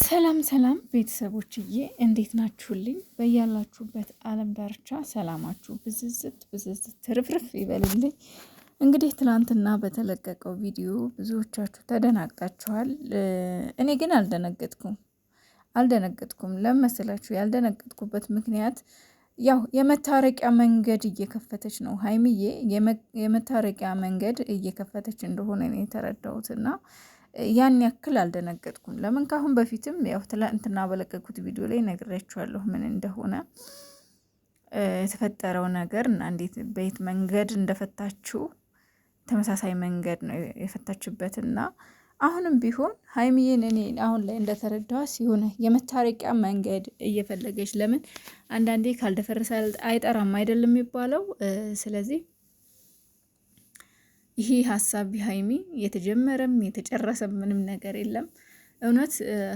ሰላም ሰላም ቤተሰቦችዬ እንዴት ናችሁልኝ? በያላችሁበት ዓለም ዳርቻ ሰላማችሁ ብዝዝት ብዝዝት ትርፍርፍ ይበልልኝ። እንግዲህ ትናንትና በተለቀቀው ቪዲዮ ብዙዎቻችሁ ተደናግጣችኋል። እኔ ግን አልደነገጥኩም አልደነገጥኩም። ለመሰላችሁ ያልደነገጥኩበት ምክንያት ያው የመታረቂያ መንገድ እየከፈተች ነው ሀይሚዬ፣ የመታረቂያ መንገድ እየከፈተች እንደሆነ ነው የተረዳሁትና ያን ያክል አልደነገጥኩም። ለምን ካሁን በፊትም ያው ትላንትና በለቀኩት ቪዲዮ ላይ ነግሬያችኋለሁ ምን እንደሆነ የተፈጠረው ነገር እና እንዴት በየት መንገድ እንደፈታችው ተመሳሳይ መንገድ ነው የፈታችበት እና አሁንም ቢሆን ሀይሚዬን እኔ አሁን ላይ እንደተረዳ ሲሆነ የመታረቂያ መንገድ እየፈለገች ለምን አንዳንዴ ካልደፈረሰ አይጠራም አይደለም የሚባለው። ስለዚህ ይሄ ሀሳብ ሀይሚ የተጀመረም የተጨረሰም ምንም ነገር የለም። እውነት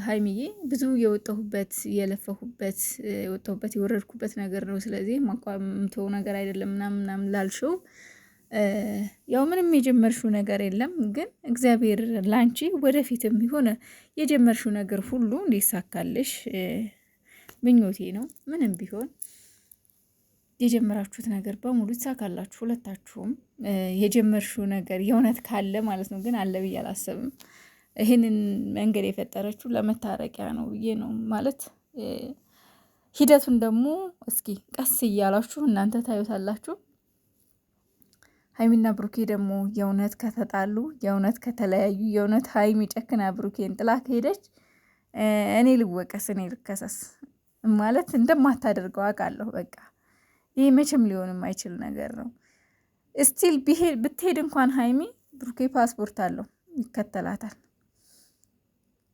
ሀይሚዬ ብዙ የወጣሁበት የለፈሁበት የወጣሁበት የወረድኩበት ነገር ነው። ስለዚህ ማቋምቶ ነገር አይደለም ምናምን ምናምን ላልሽው ያው ምንም የጀመርሽው ነገር የለም። ግን እግዚአብሔር ላንቺ ወደፊትም የሆነ የጀመርሽው ነገር ሁሉ እንዲሳካልሽ ምኞቴ ነው። ምንም ቢሆን የጀመራችሁት ነገር በሙሉ ይሳካላችሁ። ሁለታችሁም የጀመርሽው ነገር የእውነት ካለ ማለት ነው። ግን አለ ብዬ አላስብም። ይህንን መንገድ የፈጠረችው ለመታረቂያ ነው ብዬ ነው ማለት። ሂደቱን ደግሞ እስኪ ቀስ እያላችሁ እናንተ ታዩታላችሁ። ሀይሚና ብሩኬ ደግሞ የእውነት ከተጣሉ የእውነት ከተለያዩ የእውነት ሀይሚ ጨክና ብሩኬን ጥላ ከሄደች እኔ ልወቀስ፣ እኔ ልከሰስ ማለት እንደማታደርገው አውቃለሁ በቃ ይሄ መቼም ሊሆን የማይችል ነገር ነው። እስቲል ብትሄድ እንኳን ሀይሚ ብሩኬ ፓስፖርት አለው ይከተላታል፣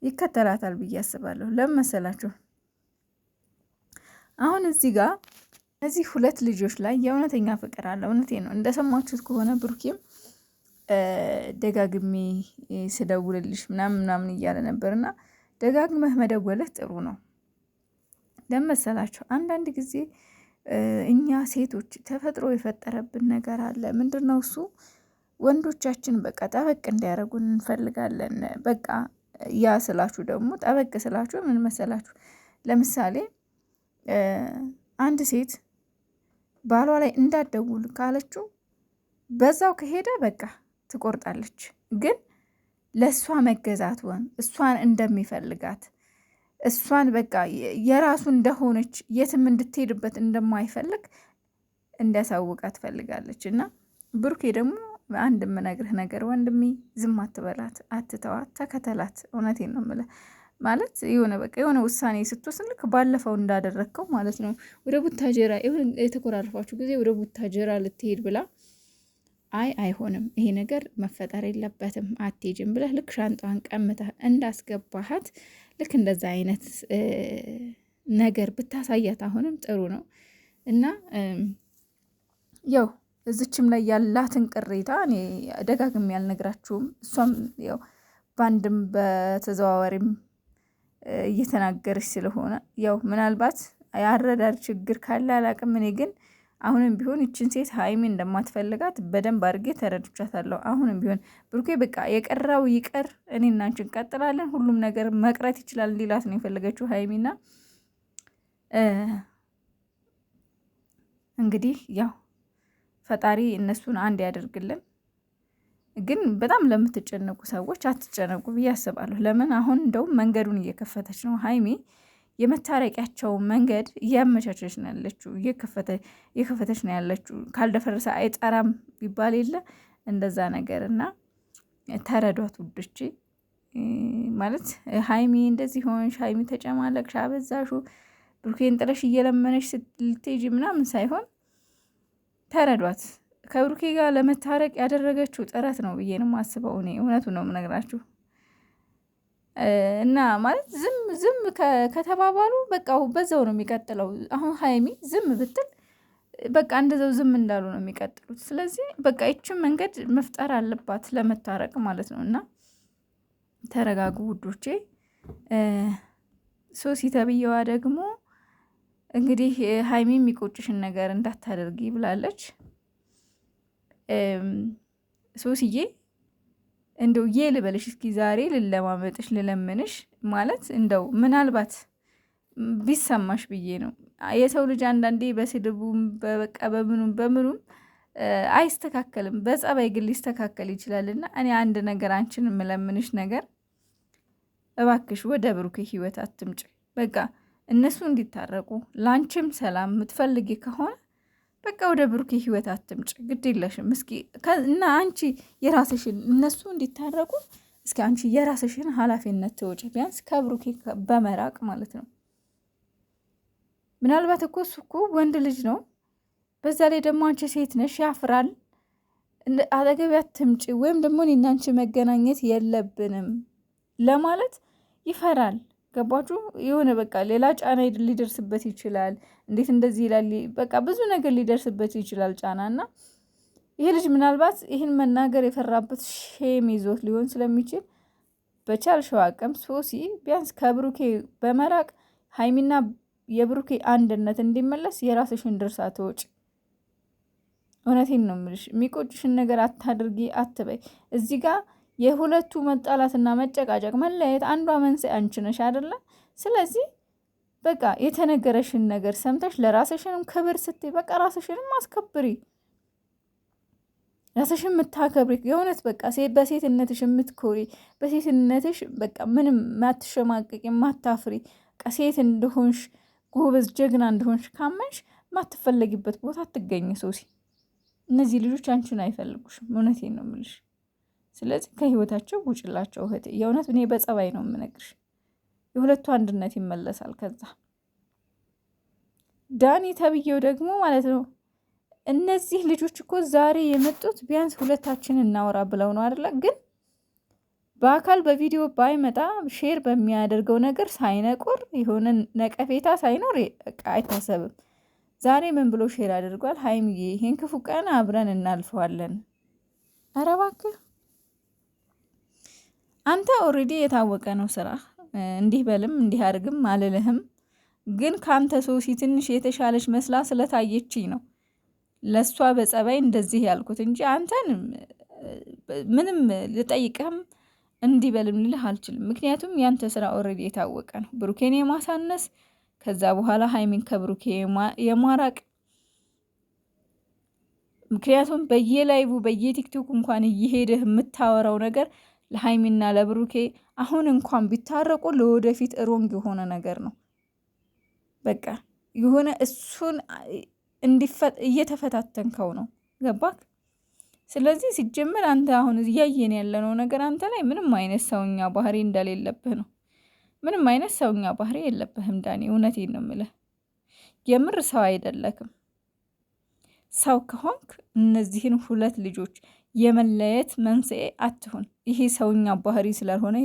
ይከተላታል ብዬ አስባለሁ። ለምን መሰላችሁ? አሁን እዚህ ጋር እዚህ ሁለት ልጆች ላይ የእውነተኛ ፍቅር አለ። እውነቴ ነው። እንደሰማችሁት ከሆነ ብሩኬም ደጋግሜ ስደውልልሽ ምናምን ምናምን እያለ ነበር እና ደጋግመህ መደወልህ ጥሩ ነው ለመሰላችሁ አንዳንድ ጊዜ እኛ ሴቶች ተፈጥሮ የፈጠረብን ነገር አለ። ምንድን ነው እሱ? ወንዶቻችን በቃ ጠበቅ እንዲያደርጉን እንፈልጋለን። በቃ ያ ስላችሁ ደግሞ ጠበቅ ስላችሁ ምን መሰላችሁ? ለምሳሌ አንድ ሴት ባሏ ላይ እንዳደውል ካለችው በዛው ከሄደ በቃ ትቆርጣለች። ግን ለእሷ መገዛት ወን እሷን እንደሚፈልጋት እሷን በቃ የራሱ እንደሆነች የትም እንድትሄድበት እንደማይፈልግ እንዲያሳውቃት ትፈልጋለች። እና ብሩኬ ደግሞ አንድ የምነግርህ ነገር ወንድሜ፣ ዝም አትበላት፣ አትተዋት፣ ተከተላት። እውነቴን ነው የምልህ ማለት የሆነ በቃ የሆነ ውሳኔ ስትወስን ልክ ባለፈው እንዳደረግከው ማለት ነው። ወደ ቡታጀራ የተኮራረፋችሁ ጊዜ ወደ ቡታጀራ ልትሄድ ብላ አይ አይሆንም፣ ይሄ ነገር መፈጠር የለበትም አትሄጅም ብለህ ልክ ሻንጣን ቀምተህ እንዳስገባሃት ልክ እንደዚ አይነት ነገር ብታሳያት አሁንም ጥሩ ነው እና ያው እዚችም ላይ ያላትን ቅሬታ እኔ ደጋግሜ ያልነግራችሁም እሷም ያው በአንድም በተዘዋዋሪም እየተናገረች ስለሆነ ያው ምናልባት የአረዳድ ችግር ካለ አላቅም እኔ ግን አሁንም ቢሆን ይችን ሴት ሀይሚ እንደማትፈልጋት በደንብ አድርጌ ተረድቻታለሁ። አሁንም ቢሆን ብሩኬ በቃ የቀረው ይቀር፣ እኔ እና አንቺ እንቀጥላለን፣ ሁሉም ነገር መቅረት ይችላል እንዲላት ነው የፈለገችው ሀይሚና እንግዲህ ያው ፈጣሪ እነሱን አንድ ያደርግልን። ግን በጣም ለምትጨነቁ ሰዎች አትጨነቁ ብዬ አስባለሁ። ለምን አሁን እንደውም መንገዱን እየከፈተች ነው ሀይሜ። የመታረቂያቸው መንገድ እያመቻቸች ነው ያለችው፣ እየከፈተች ነው ያለችው። ካልደፈረሰ አይጠራም ይባል የለ እንደዛ ነገር እና ተረዷት ውዶቼ። ማለት ሀይሚ እንደዚህ ሆንሽ፣ ሀይሚ ተጨማለቅሽ፣ አበዛሹ፣ ብሩኬን ጥለሽ እየለመነሽ ስትልቴጅ ምናምን ሳይሆን ተረዷት። ከብሩኬ ጋር ለመታረቅ ያደረገችው ጥረት ነው ብዬ ነው የማስበው። እኔ እውነቱ ነው የምነግራችሁ። እና ማለት ዝም ዝም ከተባባሉ በቃ በዛው ነው የሚቀጥለው። አሁን ሀይሚ ዝም ብትል በቃ እንደዛው ዝም እንዳሉ ነው የሚቀጥሉት። ስለዚህ በቃ ይችን መንገድ መፍጠር አለባት ለመታረቅ ማለት ነው። እና ተረጋጉ ውዶቼ። ሶሲ ተብዬዋ ደግሞ እንግዲህ ሀይሚ የሚቆጭሽን ነገር እንዳታደርጊ ብላለች ሶሲዬ እንደው ዬ ልበልሽ እስኪ ዛሬ ልለማመጥሽ ልለምንሽ ማለት እንደው ምናልባት ቢሰማሽ ብዬ ነው። የሰው ልጅ አንዳንዴ በስድቡም በበቃ በምኑም በምኑም አይስተካከልም። በጸባይ ግን ሊስተካከል ይችላልና እኔ አንድ ነገር አንቺን የምለምንሽ ነገር እባክሽ ወደ ብሩክ ህይወት አትምጭ። በቃ እነሱ እንዲታረቁ ለአንቺም ሰላም የምትፈልጊ ከሆነ በቃ ወደ ብሩኬ ህይወት አትምጭ፣ ግድ የለሽም። እስኪ እና አንቺ የራስሽን እነሱ እንዲታረቁ እስኪ አንቺ የራስሽን ኃላፊነት ትወጪ፣ ቢያንስ ከብሩኬ በመራቅ ማለት ነው። ምናልባት እኮ እሱ እኮ ወንድ ልጅ ነው። በዛ ላይ ደግሞ አንቺ ሴት ነሽ፣ ያፍራል። አጠገብ አትምጪ፣ ወይም ደግሞ እኔና አንቺ መገናኘት የለብንም ለማለት ይፈራል። ገባችሁ? የሆነ በቃ ሌላ ጫና ሊደርስበት ይችላል። እንዴት እንደዚህ ይላል፣ በቃ ብዙ ነገር ሊደርስበት ይችላል ጫና እና ይሄ ልጅ ምናልባት ይህን መናገር የፈራበት ሼም ይዞት ሊሆን ስለሚችል በቻልሽው አቅም ሶሲ ቢያንስ ከብሩኬ በመራቅ ሀይሚና የብሩኬ አንድነት እንዲመለስ የራስሽን ድርሳ ተወጭ። እውነቴን ነው የምልሽ። የሚቆጭሽን ነገር አታድርጊ፣ አትበይ እዚህ ጋር የሁለቱ መጣላትና መጨቃጨቅ መለያየት አንዷ መንስኤ አንቺ ነሽ አይደለ? ስለዚህ በቃ የተነገረሽን ነገር ሰምተሽ ለራስሽንም ክብር ስትይ በቃ ራስሽንም አስከብሪ። ራስሽን የምታከብሪ የእውነት በቃ በሴትነትሽ የምትኮሪ በሴትነትሽ በቃ ምንም ማትሸማቀቅ የማታፍሪ ሴት እንደሆንሽ ጎበዝ ጀግና እንደሆንሽ ካመንሽ የማትፈለጊበት ቦታ አትገኝ። ሶሲ እነዚህ ልጆች አንቺን አይፈልጉሽም። እውነቴን ነው የምልሽ። ስለዚህ ከህይወታቸው ውጭላቸው እህቴ። የእውነት እኔ በጸባይ ነው የምነግርሽ። የሁለቱ አንድነት ይመለሳል። ከዛ ዳኒ ተብዬው ደግሞ ማለት ነው እነዚህ ልጆች እኮ ዛሬ የመጡት ቢያንስ ሁለታችን እናወራ ብለው ነው አይደለ? ግን በአካል በቪዲዮ ባይመጣ ሼር በሚያደርገው ነገር ሳይነቁር የሆነ ነቀፌታ ሳይኖር አይታሰብም። ዛሬ ምን ብሎ ሼር አድርጓል? ሀይምዬ ይሄን ክፉ ቀን አብረን እናልፈዋለን። ኧረ እባክህ አንተ ኦልሬዲ የታወቀ ነው ስራ እንዲህ በልም እንዲህ አድርግም አልልህም። ግን ከአንተ ሶሲ ትንሽ የተሻለች መስላ ስለታየችኝ ነው ለእሷ በጸባይ እንደዚህ ያልኩት እንጂ አንተን ምንም ልጠይቅህም እንዲህ በልም ልልህ አልችልም። ምክንያቱም ያንተ ስራ ኦልሬዲ የታወቀ ነው። ብሩኬን የማሳነስ ከዛ በኋላ ሀይሚን ከብሩኬ የማራቅ ምክንያቱም በየላይቡ በየቲክቶክ እንኳን እየሄደህ የምታወራው ነገር ለሀይሚና ለብሩኬ አሁን እንኳን ቢታረቁ ለወደፊት ሮንግ የሆነ ነገር ነው። በቃ የሆነ እሱን እየተፈታተንከው ነው። ገባክ? ስለዚህ ሲጀመር አንተ አሁን እያየን ያለነው ነገር አንተ ላይ ምንም አይነት ሰውኛ ባህሪ እንደሌለብህ ነው። ምንም አይነት ሰውኛ ባህሪ የለብህም ዳኒ፣ እውነቴን ነው የምልህ። የምር ሰው አይደለክም። ሰው ከሆንክ እነዚህን ሁለት ልጆች የመለየት መንስኤ አትሁን። ይሄ ሰውኛ ባህሪ ስላልሆነ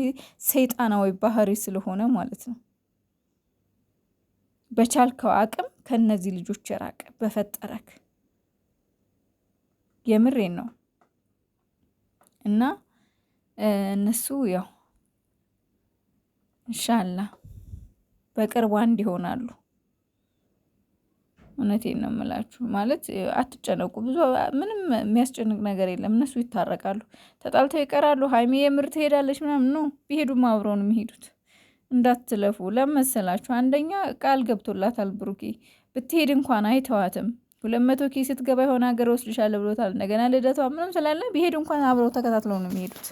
ሰይጣናዊ ባህሪ ስለሆነ ማለት ነው። በቻልከው አቅም ከነዚህ ልጆች የራቀ በፈጠረክ የምሬን ነው እና እነሱ ያው ኢንሻላህ በቅርቧ እንዲሆናሉ። እውነቴን ነው የምላችሁ። ማለት አትጨነቁ፣ ብዙ ምንም የሚያስጨንቅ ነገር የለም። እነሱ ይታረቃሉ፣ ተጣልተው ይቀራሉ። ሀይሜ የምር ትሄዳለች ምናምን ነው። ቢሄዱም አብረው የሚሄዱት። እንዳትለፉ ለመሰላችሁ። አንደኛ ቃል ገብቶላታል ብሩኬ፣ ብትሄድ እንኳን አይተዋትም። ሁለት መቶ ኬ ስትገባ የሆነ ሀገር ወስድሻለሁ ብሎታል። እንደገና ልደቷ ምንም ስላለ ቢሄዱ እንኳን አብረው ተከታትለው ነው የሚሄዱት።